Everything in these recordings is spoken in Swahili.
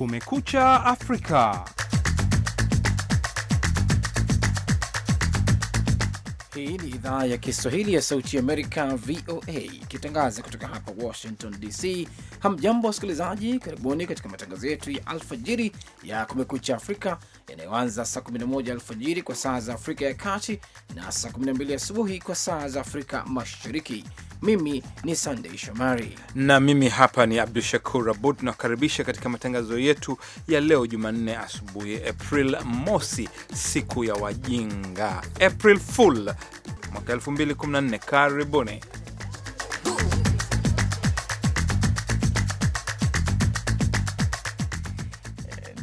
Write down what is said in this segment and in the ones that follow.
Kumekucha Afrika. Hii ni idhaa ya Kiswahili ya Sauti Amerika, VOA, ikitangaza kutoka hapa Washington DC. Hamjambo wasikilizaji, karibuni katika matangazo yetu ya alfajiri ya Kumekucha Afrika yanayoanza saa 11 alfajiri kwa saa za Afrika ya Kati na saa 12 asubuhi kwa saa za Afrika Mashariki. Mimi ni Sandei Shomari na mimi hapa ni Abdu Shakur Abud, tunakaribisha katika matangazo yetu ya leo Jumanne asubuhi, April mosi, siku ya wajinga, April Fool mwaka 2014. Karibuni.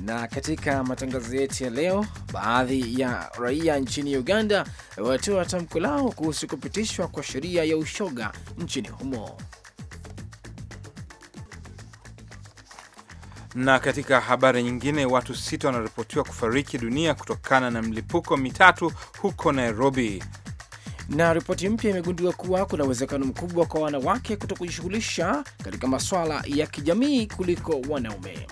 Na katika matangazo yetu ya leo, baadhi ya raia nchini Uganda watoa tamko lao kuhusu kupitishwa kwa sheria ya ushoga nchini humo. Na katika habari nyingine, watu sita wanaripotiwa kufariki dunia kutokana na mlipuko mitatu huko Nairobi. Na ripoti mpya imegundua kuwa kuna uwezekano mkubwa kwa wanawake kuto kujishughulisha katika maswala ya kijamii kuliko wanaume.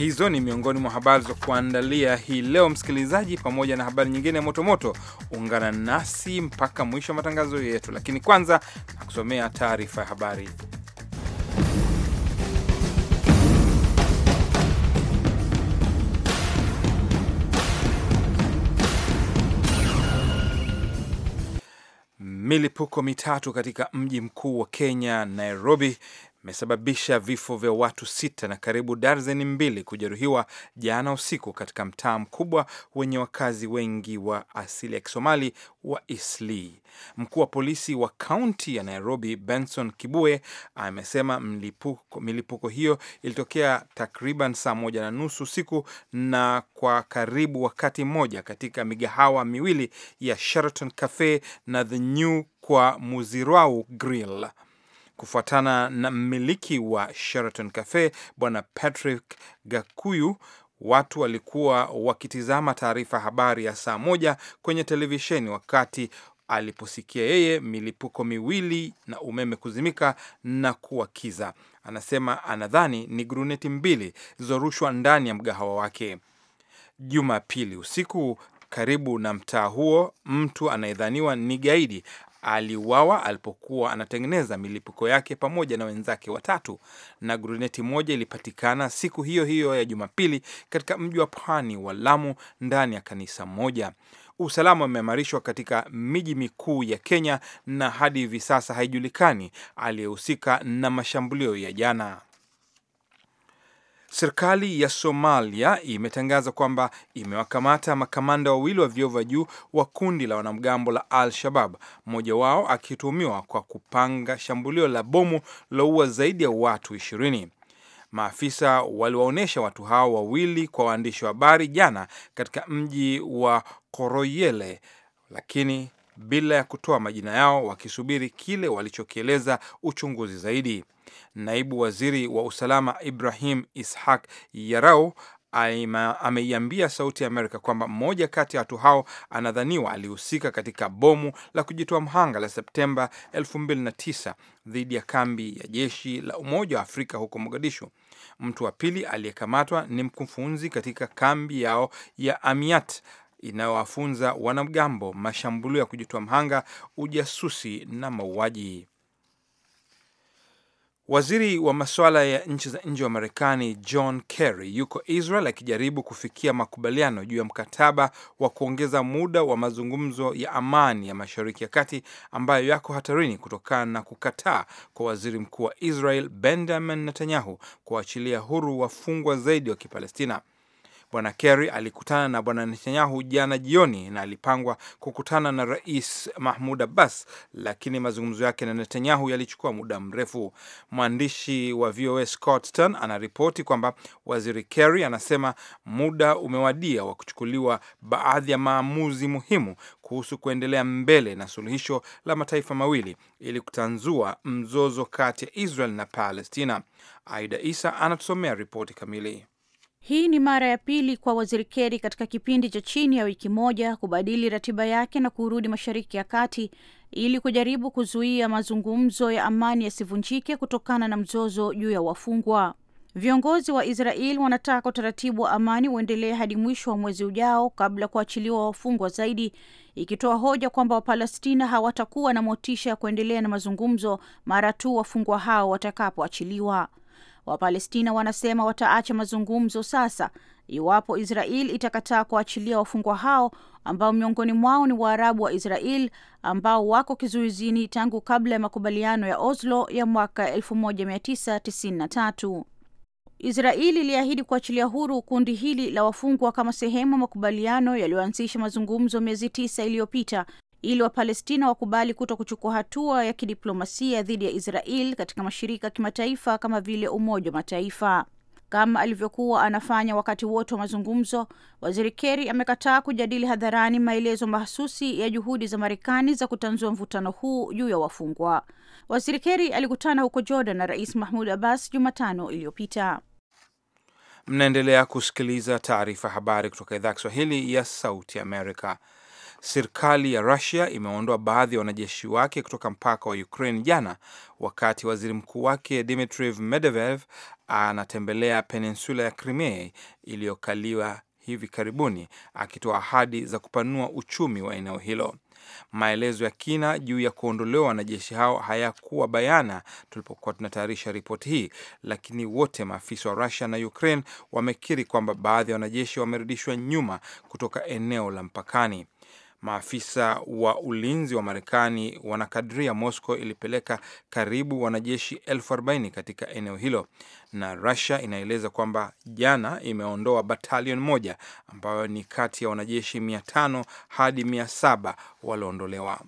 Hizo ni miongoni mwa habari za kuandalia hii leo, msikilizaji, pamoja na habari nyingine motomoto. Ungana nasi mpaka mwisho wa matangazo yetu, lakini kwanza nakusomea taarifa ya habari. Milipuko mitatu katika mji mkuu wa Kenya, Nairobi, imesababisha vifo vya watu sita na karibu darzeni mbili kujeruhiwa jana usiku katika mtaa mkubwa wenye wakazi wengi wa asili ya Kisomali wa Eastleigh. Mkuu wa polisi wa kaunti ya Nairobi, Benson Kibue, amesema milipuko, milipuko hiyo ilitokea takriban saa moja na nusu usiku na kwa karibu wakati mmoja katika migahawa miwili ya Sheraton Cafe na The New kwa Muzirau Grill kufuatana na mmiliki wa Sheraton Cafe Bwana Patrick Gakuyu. Watu walikuwa wakitizama taarifa habari ya saa moja kwenye televisheni wakati aliposikia yeye milipuko miwili na umeme kuzimika na kuwakiza. Anasema anadhani ni gruneti mbili zilizorushwa ndani ya mgahawa wake Jumapili usiku karibu na mtaa huo. Mtu anayedhaniwa ni gaidi aliuawa alipokuwa anatengeneza milipuko yake pamoja na wenzake watatu, na gruneti moja ilipatikana siku hiyo hiyo ya Jumapili katika mji wa pwani wa Lamu ndani ya kanisa moja. Usalama umeimarishwa katika miji mikuu ya Kenya na hadi hivi sasa haijulikani aliyehusika na mashambulio ya jana. Serikali ya Somalia imetangaza kwamba imewakamata makamanda wawili wa vyeo vya juu wa kundi la wanamgambo la Al-Shabab, mmoja wao akituhumiwa kwa kupanga shambulio la bomu liloua zaidi ya watu ishirini. Maafisa waliwaonyesha watu hao wawili kwa waandishi wa habari jana katika mji wa Koroyele, lakini bila ya kutoa majina yao wakisubiri kile walichokieleza uchunguzi zaidi. Naibu waziri wa usalama Ibrahim Ishaq Yarau ameiambia Sauti ya Amerika kwamba mmoja kati ya watu hao anadhaniwa alihusika katika bomu la kujitoa mhanga la Septemba 2009 dhidi ya kambi ya jeshi la Umoja wa Afrika huko Mogadishu. Mtu wa pili aliyekamatwa ni mkufunzi katika kambi yao ya Amiat inayowafunza wanamgambo mashambulio ya kujitoa mhanga, ujasusi na mauaji. Waziri wa masuala ya nchi za nje wa Marekani John Kerry yuko Israel akijaribu kufikia makubaliano juu ya mkataba wa kuongeza muda wa mazungumzo ya amani ya Mashariki ya Kati ambayo yako hatarini kutokana na kukataa kwa waziri mkuu wa Israel Benjamin Netanyahu kuachilia huru wafungwa zaidi wa Kipalestina. Bwana Kerry alikutana na Bwana Netanyahu jana jioni na alipangwa kukutana na Rais Mahmud Abbas, lakini mazungumzo yake na Netanyahu yalichukua muda mrefu. Mwandishi wa VOA Scott Stern anaripoti kwamba Waziri Kerry anasema muda umewadia wa kuchukuliwa baadhi ya maamuzi muhimu kuhusu kuendelea mbele na suluhisho la mataifa mawili ili kutanzua mzozo kati ya Israel na Palestina. Aida Isa anatusomea ripoti kamili. Hii ni mara ya pili kwa waziri keri katika kipindi cha chini ya wiki moja kubadili ratiba yake na kurudi Mashariki ya Kati ili kujaribu kuzuia mazungumzo ya amani yasivunjike kutokana na mzozo juu ya wafungwa. Viongozi wa Israel wanataka utaratibu wa amani uendelee hadi mwisho wa mwezi ujao kabla ya kuachiliwa wafungwa zaidi, ikitoa hoja kwamba Wapalestina hawatakuwa na motisha ya kuendelea na mazungumzo mara tu wafungwa hao watakapoachiliwa. Wapalestina wanasema wataacha mazungumzo sasa iwapo Israel itakataa kuachilia wafungwa hao ambao miongoni mwao ni Waarabu wa Israel ambao wako kizuizini tangu kabla ya makubaliano ya Oslo ya mwaka 1993. Israel iliahidi kuachilia huru kundi hili la wafungwa kama sehemu ya makubaliano yaliyoanzisha mazungumzo miezi tisa iliyopita ili Wapalestina wakubali kuto kuchukua hatua ya kidiplomasia dhidi ya Israel katika mashirika ya kimataifa kama vile Umoja wa Mataifa kama alivyokuwa anafanya wakati wote wa mazungumzo. Waziri Kerry amekataa kujadili hadharani maelezo mahsusi ya juhudi za Marekani za kutanzua mvutano huu juu ya wafungwa. Waziri Kerry alikutana huko Jordan na Rais Mahmud Abbas Jumatano iliyopita. Mnaendelea kusikiliza taarifa habari kutoka idhaa ya Kiswahili ya Sauti Amerika. Serikali ya Rusia imeondoa baadhi ya wanajeshi wake kutoka mpaka wa Ukraine jana, wakati waziri mkuu wake Dmitri Medvedev anatembelea peninsula ya Crimea iliyokaliwa hivi karibuni, akitoa ahadi za kupanua uchumi wa eneo hilo. Maelezo ya kina juu ya kuondolewa wanajeshi hao hayakuwa bayana tulipokuwa tunatayarisha ripoti hii, lakini wote maafisa wa Rusia na Ukraine wamekiri kwamba baadhi ya wanajeshi wamerudishwa nyuma kutoka eneo la mpakani. Maafisa wa ulinzi wa Marekani wanakadiria Moscow ilipeleka karibu wanajeshi elfu arobaini katika eneo hilo, na Russia inaeleza kwamba jana imeondoa batalion moja ambayo ni kati ya wanajeshi mia tano hadi mia saba walioondolewa.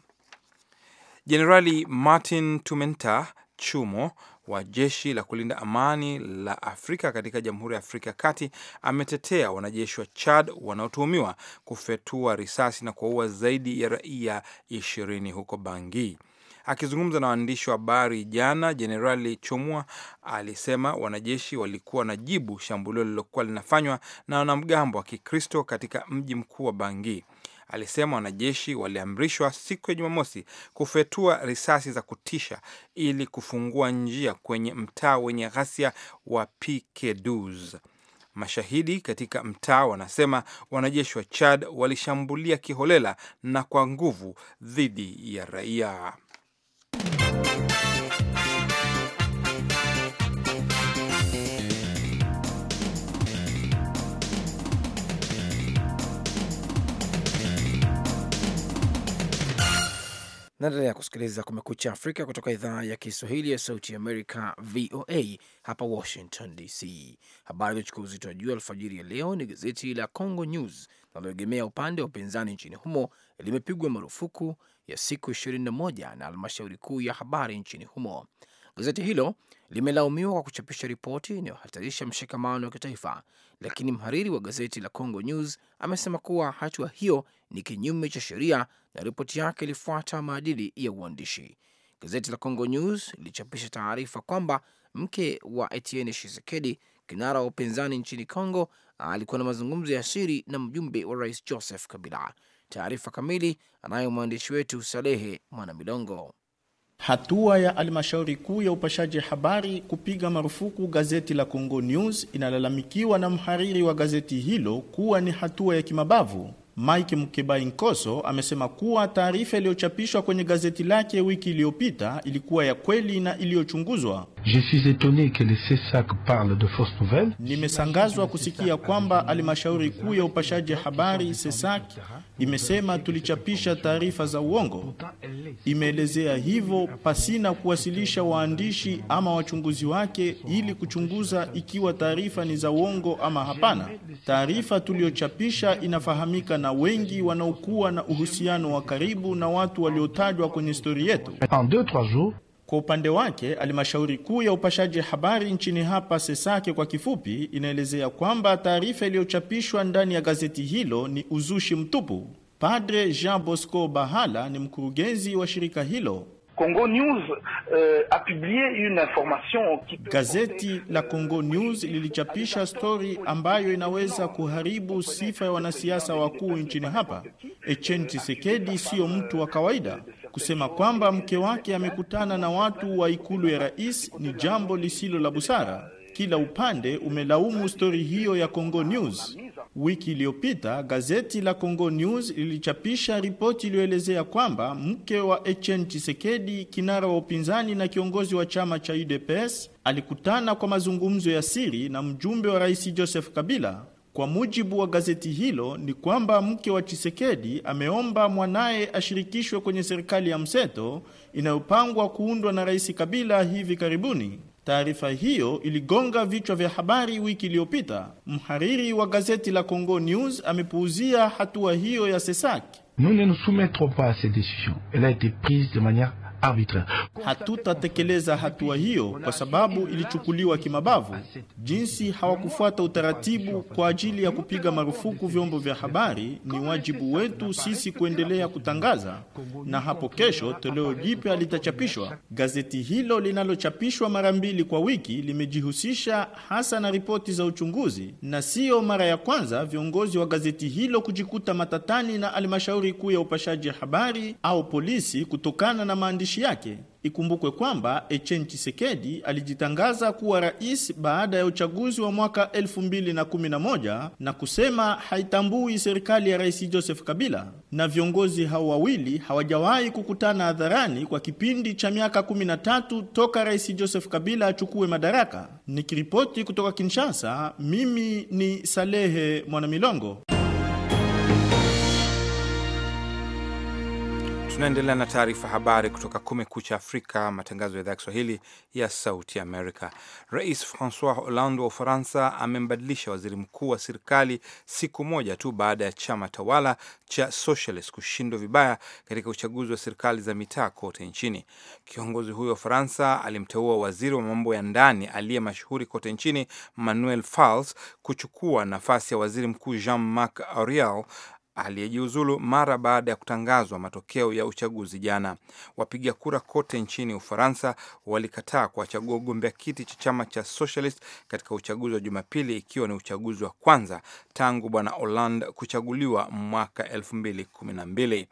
Jenerali Martin Tumenta Chumo wa jeshi la kulinda amani la Afrika katika Jamhuri ya Afrika ya Kati ametetea wanajeshi wa Chad wanaotuhumiwa kufyatua risasi na kuwaua zaidi ya raia ishirini huko bangi Akizungumza na waandishi wa habari jana, Jenerali Chomwa alisema wanajeshi walikuwa na jibu shambulio lililokuwa linafanywa na wanamgambo wa Kikristo katika mji mkuu wa Bangi alisema wanajeshi waliamrishwa siku ya Jumamosi kufyatua risasi za kutisha ili kufungua njia kwenye mtaa wenye ghasia wa Pikeduz. Mashahidi katika mtaa wanasema wanajeshi wa Chad walishambulia kiholela na kwa nguvu dhidi ya raia. Naendelea kusikiliza Kumekucha Afrika kutoka idhaa ya Kiswahili ya Sauti ya Amerika, VOA hapa Washington DC. Habari iliochukua uzito wa juu alfajiri ya leo ni gazeti la Congo News linaloegemea upande wa upinzani nchini humo limepigwa marufuku ya siku 21 na halmashauri kuu ya habari nchini humo. Gazeti hilo limelaumiwa kwa kuchapisha ripoti inayohatarisha mshikamano wa kitaifa, lakini mhariri wa gazeti la Congo News amesema kuwa hatua hiyo ni kinyume cha sheria na ripoti yake ilifuata maadili ya uandishi. Gazeti la Congo News lilichapisha taarifa kwamba mke wa Etienne Tshisekedi, kinara wa upinzani nchini Congo, alikuwa na mazungumzo ya siri na mjumbe wa rais Joseph Kabila. Taarifa kamili anayo mwandishi wetu Salehe Mwanamilongo. Hatua ya almashauri kuu ya upashaji habari kupiga marufuku gazeti la Congo News inalalamikiwa na mhariri wa gazeti hilo kuwa ni hatua ya kimabavu. Mike Mkebai Nkoso amesema kuwa taarifa iliyochapishwa kwenye gazeti lake wiki iliyopita ilikuwa ya kweli na iliyochunguzwa. Je suis étonné que le CSAC parle de fausses nouvelles. Nimesangazwa kusikia kwamba halmashauri kuu ya upashaji habari CSAC imesema tulichapisha taarifa za uongo. Imeelezea hivyo pasina kuwasilisha waandishi ama wachunguzi wake ili kuchunguza ikiwa taarifa ni za uongo ama hapana. Taarifa tuliyochapisha inafahamika na wengi wanaokuwa na uhusiano wa karibu na watu waliotajwa kwenye stori yetu. En deux, trois jours, kwa upande wake halmashauri kuu ya upashaji habari nchini hapa Sesake kwa kifupi, inaelezea kwamba taarifa iliyochapishwa ndani ya gazeti hilo ni uzushi mtupu. Padre Jean Bosco Bahala ni mkurugenzi wa shirika hilo. Congo News, uh, a publié une information qui... Gazeti la euh, Congo News lilichapisha stori ambayo inaweza kuharibu sifa ya wanasiasa wakuu nchini hapa. Etienne euh, Tshisekedi siyo mtu wa kawaida. Kusema kwamba mke wake amekutana na watu wa ikulu ya rais ni jambo lisilo la busara. Kila upande umelaumu stori hiyo ya Congo News. Wiki iliyopita gazeti la Congo News lilichapisha ripoti iliyoelezea kwamba mke wa Etienne Tshisekedi, kinara wa upinzani na kiongozi wa chama cha UDPS, alikutana kwa mazungumzo ya siri na mjumbe wa Rais Joseph Kabila. Kwa mujibu wa gazeti hilo ni kwamba mke wa Chisekedi ameomba mwanaye ashirikishwe kwenye serikali ya mseto inayopangwa kuundwa na Rais Kabila hivi karibuni. Taarifa hiyo iligonga vichwa vya habari wiki iliyopita. Mhariri wa gazeti la Congo News amepuuzia hatua hiyo ya Sesaki. Nous ne nous soumettrons pas à cette décision. Elle a été prise de manière Hatutatekeleza hatua hiyo kwa sababu ilichukuliwa kimabavu, jinsi hawakufuata utaratibu kwa ajili ya kupiga marufuku vyombo vya habari. Ni wajibu wetu sisi kuendelea kutangaza, na hapo kesho toleo jipya litachapishwa. Gazeti hilo linalochapishwa mara mbili kwa wiki limejihusisha hasa na ripoti za uchunguzi, na siyo mara ya kwanza viongozi wa gazeti hilo kujikuta matatani na almashauri kuu ya upashaji habari au polisi kutokana na maandishi matamshi yake. Ikumbukwe kwamba Etienne Tshisekedi alijitangaza kuwa rais baada ya uchaguzi wa mwaka 2011 na, na kusema haitambui serikali ya Rais Joseph Kabila, na viongozi hao wawili hawajawahi kukutana hadharani kwa kipindi cha miaka 13 toka Rais Joseph Kabila achukue madaraka. Nikiripoti kutoka Kinshasa, mimi ni Salehe Mwanamilongo. Tunaendelea na taarifa habari kutoka Kumekucha Afrika, matangazo ya idhaa ya Kiswahili ya Sauti Amerika. Rais Francois Hollande wa Ufaransa amembadilisha waziri mkuu wa serikali siku moja tu baada ya chama tawala cha Socialist kushindwa vibaya katika uchaguzi wa serikali za mitaa kote nchini. Kiongozi huyo wa Ufaransa alimteua waziri wa mambo ya ndani aliye mashuhuri kote nchini Manuel Valls kuchukua nafasi ya waziri mkuu Jean Marc Ayrault aliyejiuzulu mara baada ya kutangazwa matokeo ya uchaguzi jana. Wapiga kura kote nchini Ufaransa walikataa kuwachagua ugombea kiti cha chama cha Socialist katika uchaguzi wa Jumapili, ikiwa ni uchaguzi wa kwanza tangu bwana Hollande kuchaguliwa mwaka mbili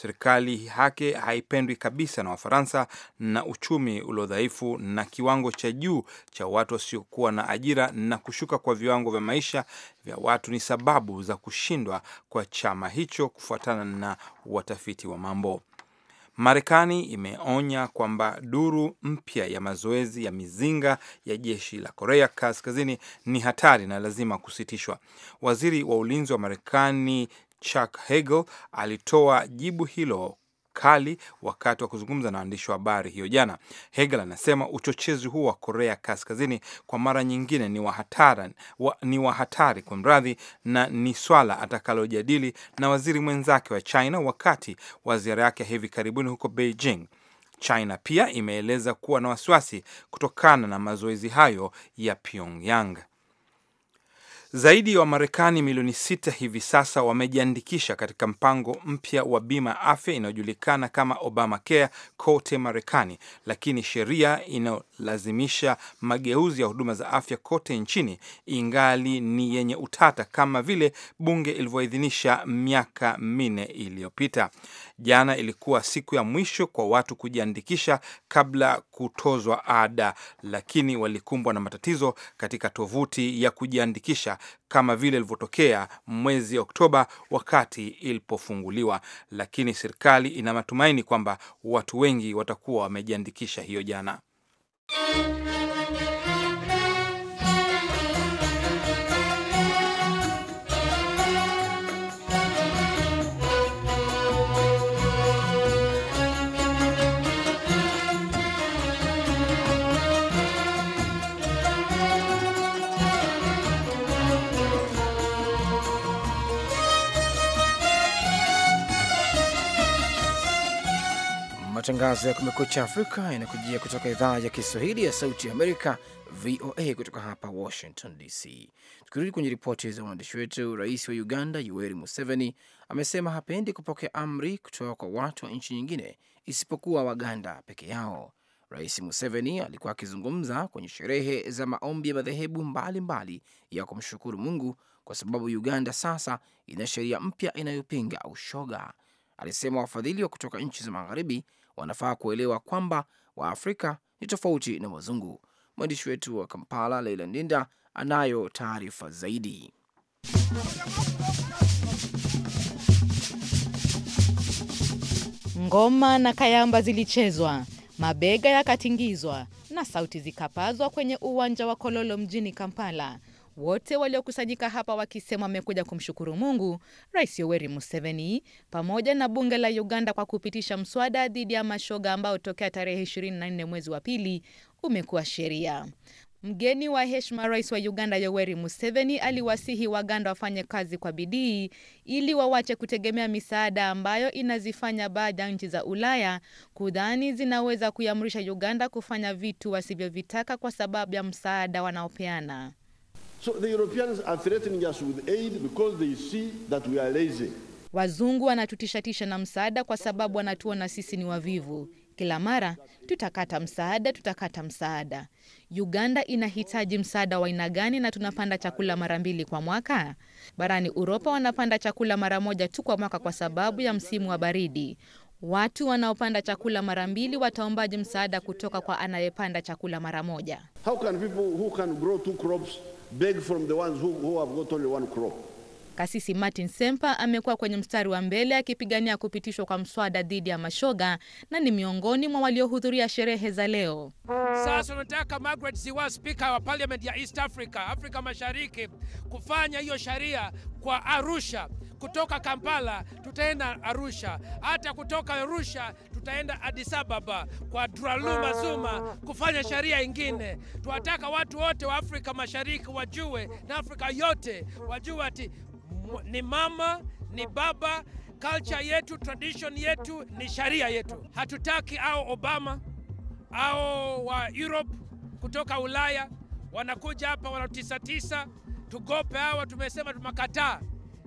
Serikali yake haipendwi kabisa na Wafaransa na uchumi uliodhaifu na kiwango cha juu cha watu wasiokuwa na ajira na kushuka kwa viwango vya maisha vya watu ni sababu za kushindwa kwa chama hicho, kufuatana na watafiti wa mambo. Marekani imeonya kwamba duru mpya ya mazoezi ya mizinga ya jeshi la Korea Kaskazini ni hatari na lazima kusitishwa. Waziri wa ulinzi wa Marekani Chuck Hagel alitoa jibu hilo kali wakati wa kuzungumza na waandishi wa habari hiyo jana. Hegel anasema uchochezi huo wa Korea Kaskazini kwa mara nyingine ni wahatari, wa, ni wahatari kwa mradhi, na ni swala atakalojadili na waziri mwenzake wa China wakati wa ziara yake ya hivi karibuni huko Beijing. China pia imeeleza kuwa na wasiwasi kutokana na mazoezi hayo ya Pyongyang. Zaidi ya wa Wamarekani milioni sita hivi sasa wamejiandikisha katika mpango mpya wa bima ya afya inayojulikana kama Obamacare kote Marekani, lakini sheria inayolazimisha mageuzi ya huduma za afya kote nchini ingali ni yenye utata, kama vile bunge ilivyoidhinisha miaka minne iliyopita. Jana ilikuwa siku ya mwisho kwa watu kujiandikisha kabla kutozwa ada, lakini walikumbwa na matatizo katika tovuti ya kujiandikisha kama vile ilivyotokea mwezi Oktoba wakati ilipofunguliwa, lakini serikali ina matumaini kwamba watu wengi watakuwa wamejiandikisha hiyo jana. Matangazo ya Kumekucha Afrika yanakujia kutoka idhaa ya Kiswahili ya Sauti ya Amerika, VOA, kutoka hapa Washington DC. Tukirudi kwenye ripoti za waandishi wetu, rais wa Uganda Yoweri Museveni amesema hapendi kupokea amri kutoka kwa watu wa nchi nyingine isipokuwa Waganda peke yao. Rais Museveni alikuwa akizungumza kwenye sherehe za maombi ya madhehebu mbalimbali ya kumshukuru Mungu kwa sababu Uganda sasa ina sheria mpya inayopinga ushoga. Alisema wafadhili wa kutoka nchi za magharibi wanafaa kuelewa kwamba Waafrika ni tofauti na wazungu. Mwandishi wetu wa Kampala, Leila Ndinda, anayo taarifa zaidi. Ngoma na kayamba zilichezwa, mabega yakatingizwa na sauti zikapazwa kwenye uwanja wa Kololo mjini Kampala wote waliokusanyika hapa wakisema wamekuja kumshukuru Mungu Rais Yoweri Museveni pamoja na bunge la Uganda kwa kupitisha mswada dhidi ya mashoga ambao tokea tarehe 24 mwezi wa pili umekuwa sheria. Mgeni wa heshma rais wa Uganda Yoweri Museveni aliwasihi Waganda wafanye kazi kwa bidii ili wawache kutegemea misaada ambayo inazifanya baadhi ya nchi za Ulaya kudhani zinaweza kuiamrisha Uganda kufanya vitu wasivyovitaka kwa sababu ya msaada wanaopeana. So the Europeans are threatening us with aid because they see that we are lazy. Wazungu wanatutishatisha na msaada kwa sababu wanatuona sisi ni wavivu. Kila mara tutakata msaada, tutakata msaada. Uganda inahitaji msaada wa aina gani na tunapanda chakula mara mbili kwa mwaka? Barani Uropa wanapanda chakula mara moja tu kwa mwaka kwa sababu ya msimu wa baridi. Watu wanaopanda chakula mara mbili wataombaje msaada kutoka kwa anayepanda chakula mara moja? How can people who can grow two crops beg from the ones who, who have got only one crop. Kasisi Martin Sempa amekuwa kwenye mstari wa mbele akipigania kupitishwa kwa mswada dhidi ya mashoga na ni miongoni mwa waliohudhuria sherehe za leo. Sasa tunataka Margaret Siwa, spika wa parliament ya East Africa, Afrika Mashariki, kufanya hiyo sharia kwa Arusha. Kutoka Kampala tutaenda Arusha, hata kutoka Arusha tutaenda Addis Ababa kwa Draluma Zuma kufanya sheria ingine. Tuwataka watu wote wa Afrika Mashariki wajue na Afrika yote wajue ati ni mama ni baba, culture yetu, tradition yetu ni sharia yetu. Hatutaki au Obama au wa Europe kutoka Ulaya wanakuja hapa wanatisatisa tugope hawa, tumesema tumakataa.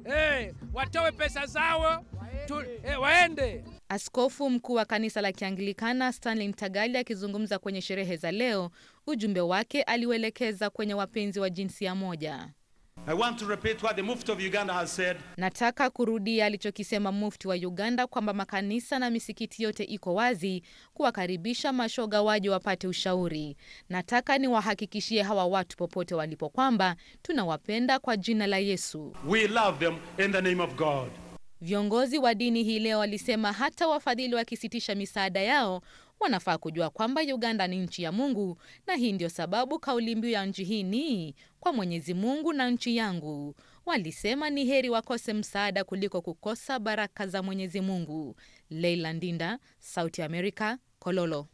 Hey, watoe pesa zao tu, hey, waende. Askofu mkuu wa kanisa la Kianglikana Stanley Mtagali akizungumza kwenye sherehe za leo, ujumbe wake aliwelekeza kwenye wapenzi wa jinsia moja. I want to repeat what the Mufti of Uganda has said. Nataka kurudia alichokisema Mufti wa Uganda kwamba makanisa na misikiti yote iko wazi kuwakaribisha mashoga waje wapate ushauri. Nataka niwahakikishie hawa watu popote walipo kwamba tunawapenda kwa jina la Yesu. We love them in the name of God. Viongozi wa dini hii leo walisema hata wafadhili wakisitisha misaada yao wanafaa kujua kwamba Uganda ni nchi ya Mungu, na hii ndio sababu kauli mbiu ya nchi hii ni kwa Mwenyezi Mungu na nchi yangu. Walisema ni heri wakose msaada kuliko kukosa baraka za Mwenyezi Mungu. Leila Ndinda, Sauti america Kololo.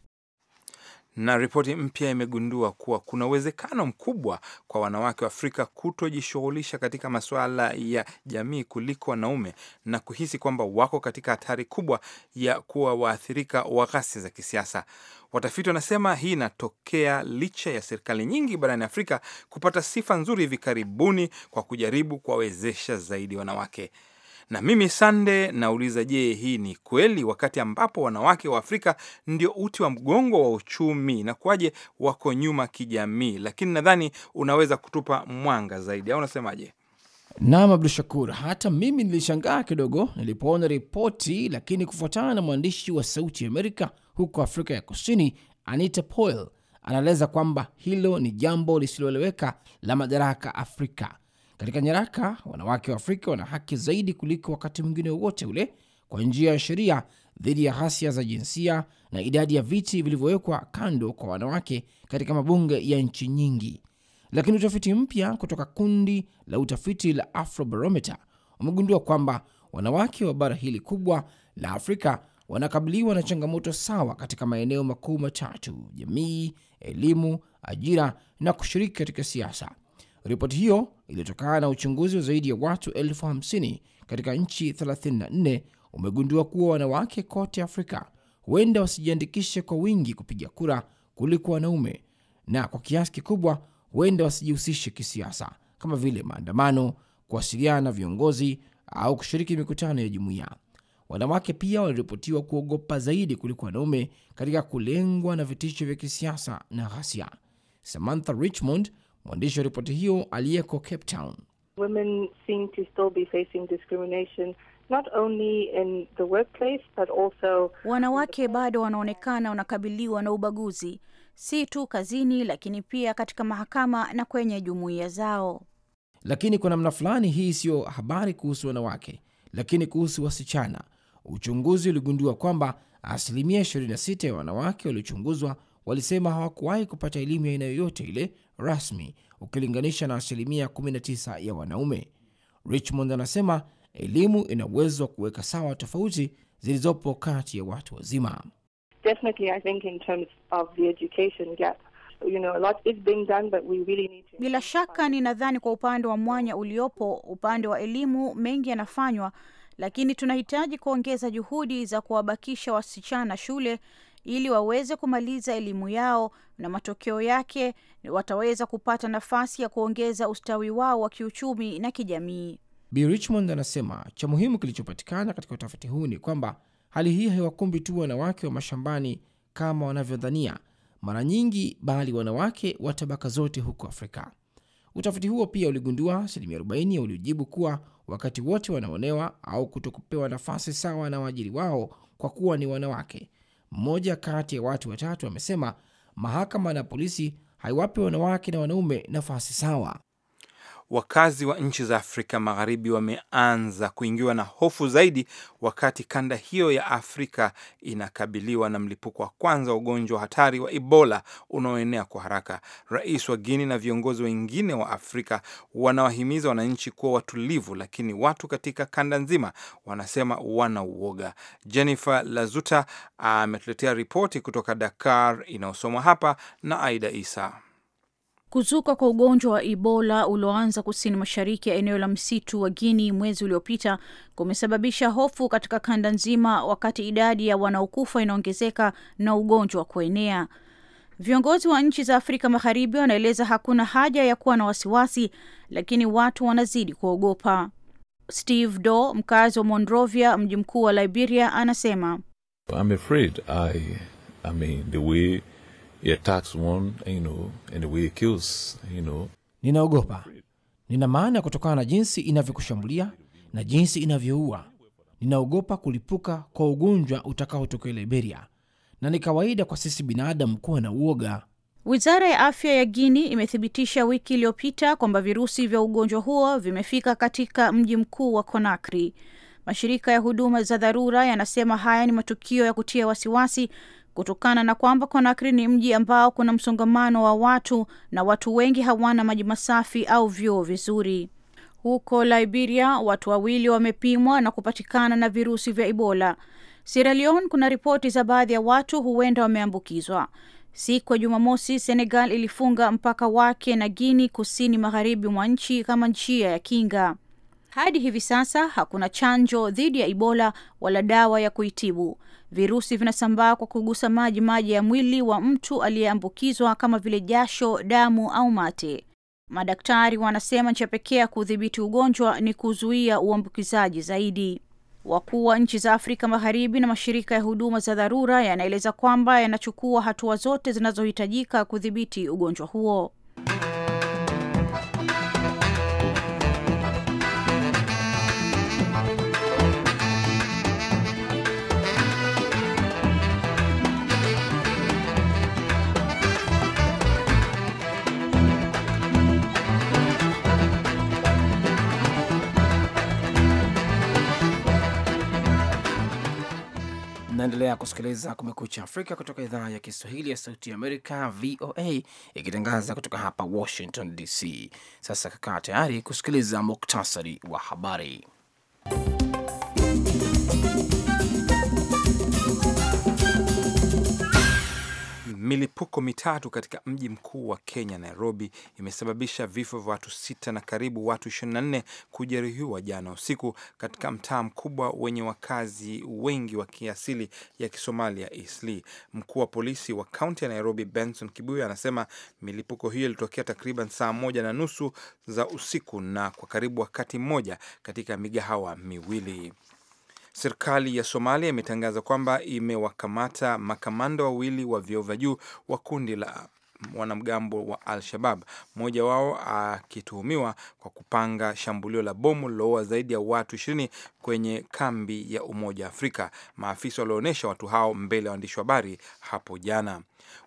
Na ripoti mpya imegundua kuwa kuna uwezekano mkubwa kwa wanawake wa Afrika kutojishughulisha katika masuala ya jamii kuliko wanaume na kuhisi kwamba wako katika hatari kubwa ya kuwa waathirika wa ghasia za kisiasa. Watafiti wanasema hii inatokea licha ya serikali nyingi barani Afrika kupata sifa nzuri hivi karibuni kwa kujaribu kuwawezesha zaidi wanawake. Na mimi Sande nauliza, je, hii ni kweli wakati ambapo wanawake wa Afrika ndio uti wa mgongo wa uchumi? Na kuwaje wako nyuma kijamii? Lakini nadhani unaweza kutupa mwanga zaidi, au unasemaje? Naam, Abdu Shakur, hata mimi nilishangaa kidogo nilipoona ripoti, lakini kufuatana na mwandishi wa Sauti ya Amerika huko Afrika ya Kusini, Anita Poel anaeleza kwamba hilo ni jambo lisiloeleweka la madaraka Afrika katika nyaraka, wanawake wa Afrika wana haki zaidi kuliko wakati mwingine wowote ule kwa njia ya sheria dhidi ya ghasia za jinsia na idadi ya viti vilivyowekwa kando kwa wanawake katika mabunge ya nchi nyingi. Lakini utafiti mpya kutoka kundi la utafiti la Afrobarometer umegundua kwamba wanawake wa bara hili kubwa la Afrika wanakabiliwa na changamoto sawa katika maeneo makuu matatu: jamii, elimu, ajira na kushiriki katika siasa. Ripoti hiyo iliyotokana na uchunguzi wa zaidi ya watu 50 katika nchi 34 umegundua kuwa wanawake kote Afrika huenda wasijiandikishe kwa wingi kupiga kura kuliko wanaume, na kwa kiasi kikubwa huenda wasijihusishe kisiasa kama vile maandamano, kuwasiliana na viongozi au kushiriki mikutano ya jumuiya. Wanawake pia waliripotiwa kuogopa zaidi kuliko wanaume katika kulengwa na vitisho vya kisiasa na ghasia. Samantha Richmond mwandishi wa ripoti hiyo aliyeko Cape Town. Women seem to still be facing discrimination Not only in the workplace, but also... wanawake bado wanaonekana wanakabiliwa na ubaguzi si tu kazini, lakini pia katika mahakama na kwenye jumuiya zao. Lakini kwa namna fulani hii siyo habari kuhusu wanawake, lakini kuhusu wasichana. Uchunguzi uligundua kwamba asilimia 26 ya wanawake waliochunguzwa walisema hawakuwahi kupata elimu ya aina yoyote ile rasmi ukilinganisha na asilimia 19 ya wanaume. Richmond anasema elimu ina uwezo wa kuweka sawa tofauti zilizopo kati ya watu wazima. bila shaka ninadhani kwa upande wa mwanya uliopo upande wa elimu, mengi yanafanywa, lakini tunahitaji kuongeza juhudi za kuwabakisha wasichana shule ili waweze kumaliza elimu yao, na matokeo yake wataweza kupata nafasi ya kuongeza ustawi wao wa kiuchumi na kijamii. B Richmond anasema cha muhimu kilichopatikana katika utafiti huu ni kwamba hali hii haiwakumbi tu wanawake wa mashambani kama wanavyodhania mara nyingi, bali wanawake wa tabaka zote huko Afrika. Utafiti huo pia uligundua asilimia 40 ya waliojibu kuwa wakati wote wanaonewa au kutokupewa nafasi sawa na waajiri wao kwa kuwa ni wanawake, mmoja kati ya watu watatu amesema mahakama na polisi haiwapi wanawake na wanaume nafasi sawa wakazi wa nchi za Afrika Magharibi wameanza kuingiwa na hofu zaidi wakati kanda hiyo ya Afrika inakabiliwa na mlipuko wa kwanza wa ugonjwa hatari wa Ebola unaoenea kwa haraka. Rais wa Guini na viongozi wengine wa Afrika wanawahimiza wananchi kuwa watulivu, lakini watu katika kanda nzima wanasema wana uoga. Jennifer Lazuta ametuletea ripoti kutoka Dakar inayosomwa hapa na Aida Isa. Kuzuka kwa ugonjwa wa Ebola ulioanza kusini mashariki ya eneo la msitu wa Guini mwezi uliopita kumesababisha hofu katika kanda nzima, wakati idadi ya wanaokufa inaongezeka na ugonjwa wa kuenea. Viongozi wa nchi za Afrika Magharibi wanaeleza hakuna haja ya kuwa na wasiwasi, lakini watu wanazidi kuogopa. Steve Do, mkazi wa Monrovia, mji mkuu wa Liberia, anasema I'm afraid I, I mean, the way He attacks one, you know, and the way he kills, you know. Ninaogopa, nina maana kutokana na jinsi inavyokushambulia na jinsi inavyoua. Ninaogopa kulipuka kwa ugonjwa utakaotokea Liberia, na ni kawaida kwa sisi binadamu kuwa na uoga. Wizara ya afya ya Guini imethibitisha wiki iliyopita kwamba virusi vya ugonjwa huo vimefika katika mji mkuu wa Conakry. Mashirika ya huduma za dharura yanasema haya ni matukio ya kutia wasiwasi kutokana na kwamba Conakry ni mji ambao kuna msongamano wa watu na watu wengi hawana maji masafi au vyoo vizuri. Huko Liberia watu wawili wamepimwa na kupatikana na virusi vya Ebola. Sierra Leone kuna ripoti za baadhi ya watu huenda wameambukizwa. Siku ya Jumamosi, Senegal ilifunga mpaka wake na Guini kusini magharibi mwa nchi kama njia ya kinga. Hadi hivi sasa hakuna chanjo dhidi ya Ebola wala dawa ya kuitibu. Virusi vinasambaa kwa kugusa maji maji ya mwili wa mtu aliyeambukizwa kama vile jasho, damu au mate. Madaktari wanasema njia pekee ya kudhibiti ugonjwa ni kuzuia uambukizaji zaidi. Wakuu wa nchi za Afrika Magharibi na mashirika ya huduma za dharura yanaeleza kwamba yanachukua hatua zote zinazohitajika kudhibiti ugonjwa huo. Mnaendelea kusikiliza Kumekucha Afrika kutoka idhaa ya Kiswahili ya Sauti ya Amerika, VOA, ikitangaza kutoka hapa Washington DC. Sasa kakaa tayari kusikiliza muktasari wa habari. Milipuko mitatu katika mji mkuu wa Kenya, Nairobi, imesababisha vifo vya watu sita na karibu watu 24 kujeruhiwa jana usiku katika mtaa mkubwa wenye wakazi wengi wa kiasili ya Kisomalia, Eastleigh. Mkuu wa polisi wa kaunti ya Nairobi, Benson Kibuya, anasema milipuko hiyo ilitokea takriban saa moja na nusu za usiku na kwa karibu wakati mmoja katika migahawa miwili. Serikali ya Somalia imetangaza kwamba imewakamata makamanda wawili wa vyeo vya juu wa kundi la wanamgambo wa Al-Shabab, mmoja wao akituhumiwa kwa kupanga shambulio la bomu liloua zaidi ya watu ishirini kwenye kambi ya Umoja wa Afrika. Maafisa walioonyesha watu hao mbele ya waandishi wa habari hapo jana.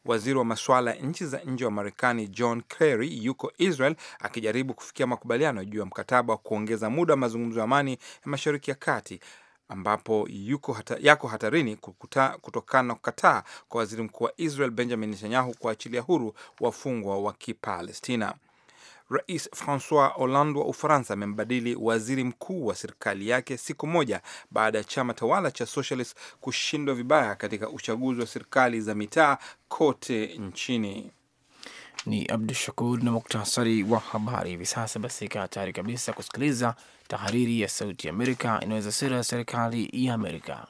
Waziri wa masuala ya nchi za nje wa Marekani John Kerry yuko Israel akijaribu kufikia makubaliano juu ya mkataba wa kuongeza muda wa mazungumzo ya amani ya Mashariki ya Kati, ambapo yuko hata, yako hatarini kukuta, kutokana na kukataa kwa waziri mkuu wa Israel Benjamin Netanyahu kuachilia huru wafungwa wa Kipalestina. Rais Francois Hollande wa Ufaransa amembadili waziri mkuu wa serikali yake siku moja baada ya chama tawala cha Socialist kushindwa vibaya katika uchaguzi wa serikali za mitaa kote nchini ni Abdu Shakur na muktasari wa habari hivi sasa. Basi ikawa tayari kabisa kusikiliza tahariri ya Sauti Amerika inaweza sera ya serikali ya Amerika.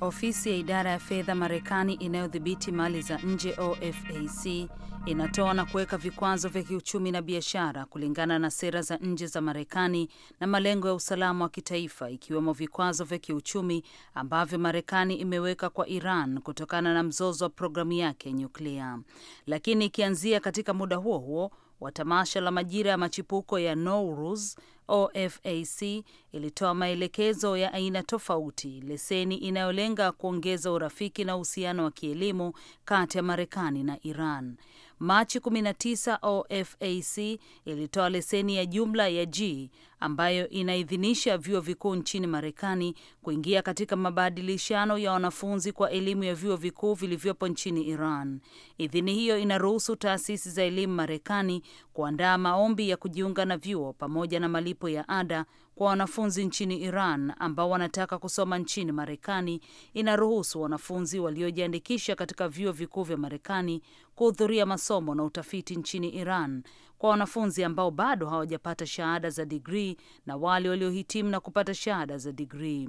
Ofisi ya idara ya fedha Marekani inayodhibiti mali za nje OFAC inatoa na kuweka vikwazo vya kiuchumi na biashara kulingana na sera za nje za Marekani na malengo ya usalama wa kitaifa, ikiwemo vikwazo vya kiuchumi ambavyo Marekani imeweka kwa Iran kutokana na mzozo wa programu yake ya nyuklia. Lakini ikianzia katika muda huo huo wa tamasha la majira ya machipuko ya Nowruz, OFAC ilitoa maelekezo ya aina tofauti, leseni inayolenga kuongeza urafiki na uhusiano wa kielimu kati ya Marekani na Iran. Machi 19 OFAC ilitoa leseni ya jumla ya G ambayo inaidhinisha vyuo vikuu nchini Marekani kuingia katika mabadilishano ya wanafunzi kwa elimu ya vyuo vikuu vilivyopo nchini Iran. Idhini hiyo inaruhusu taasisi za elimu Marekani kuandaa maombi ya kujiunga na vyuo pamoja na malipo ya ada kwa wanafunzi nchini Iran ambao wanataka kusoma nchini Marekani inaruhusu wanafunzi waliojiandikisha katika vyuo vikuu vya Marekani kuhudhuria masomo na utafiti nchini Iran kwa wanafunzi ambao bado hawajapata shahada za digrii na wale waliohitimu na kupata shahada za digrii.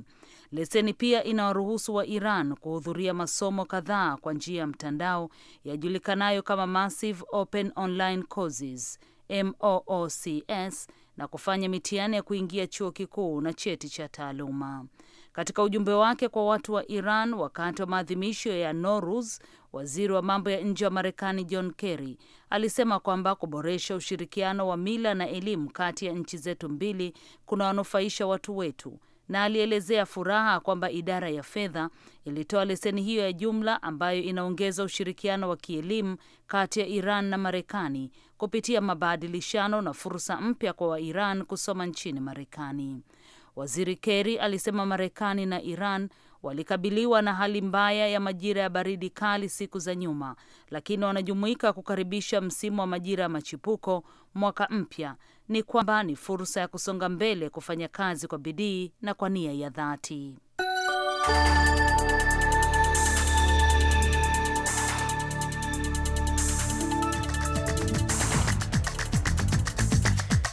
Leseni pia inawaruhusu wa Iran kuhudhuria masomo kadhaa kwa njia ya mtandao yajulikanayo kama Massive Open Online Courses MOOCs na kufanya mitihani ya kuingia chuo kikuu na cheti cha taaluma. Katika ujumbe wake kwa watu wa Iran wakati wa maadhimisho ya Noruz, waziri wa mambo ya nje wa Marekani John Kerry alisema kwamba kuboresha ushirikiano wa mila na elimu kati ya nchi zetu mbili kunawanufaisha watu wetu na alielezea furaha kwamba idara ya fedha ilitoa leseni hiyo ya jumla ambayo inaongeza ushirikiano wa kielimu kati ya Iran na Marekani kupitia mabadilishano na fursa mpya kwa Wairan kusoma nchini Marekani. Waziri Kerry alisema Marekani na Iran walikabiliwa na hali mbaya ya majira ya baridi kali siku za nyuma, lakini wanajumuika kukaribisha msimu wa majira ya machipuko, mwaka mpya. Ni kwamba ni fursa ya kusonga mbele, kufanya kazi kwa bidii na kwa nia ya dhati.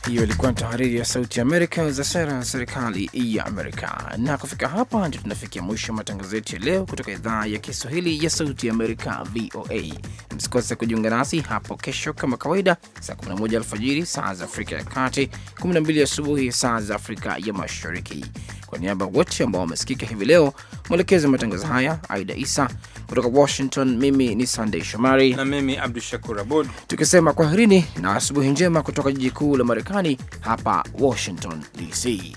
Hiyo ilikuwa ni tahariri ya Sauti ya Amerika za sera ya serikali ya Amerika. Na kufika hapa ndio tunafikia mwisho wa matangazo yetu ya leo kutoka idhaa ya Kiswahili ya Sauti ya Amerika, VOA. Msikose kujiunga nasi hapo kesho kama kawaida, saa 11 alfajiri saa za Afrika ya Kati, 12 asubuhi saa za Afrika ya Mashariki. Kwa niaba wote ambao wamesikika hivi leo, mwelekezi wa matangazo haya Aida Isa kutoka Washington, mimi ni sandey Shomari na mimi Abdu Shakur Abud, tukisema kwaherini na asubuhi njema kutoka jiji kuu la Marekani hapa Washington DC.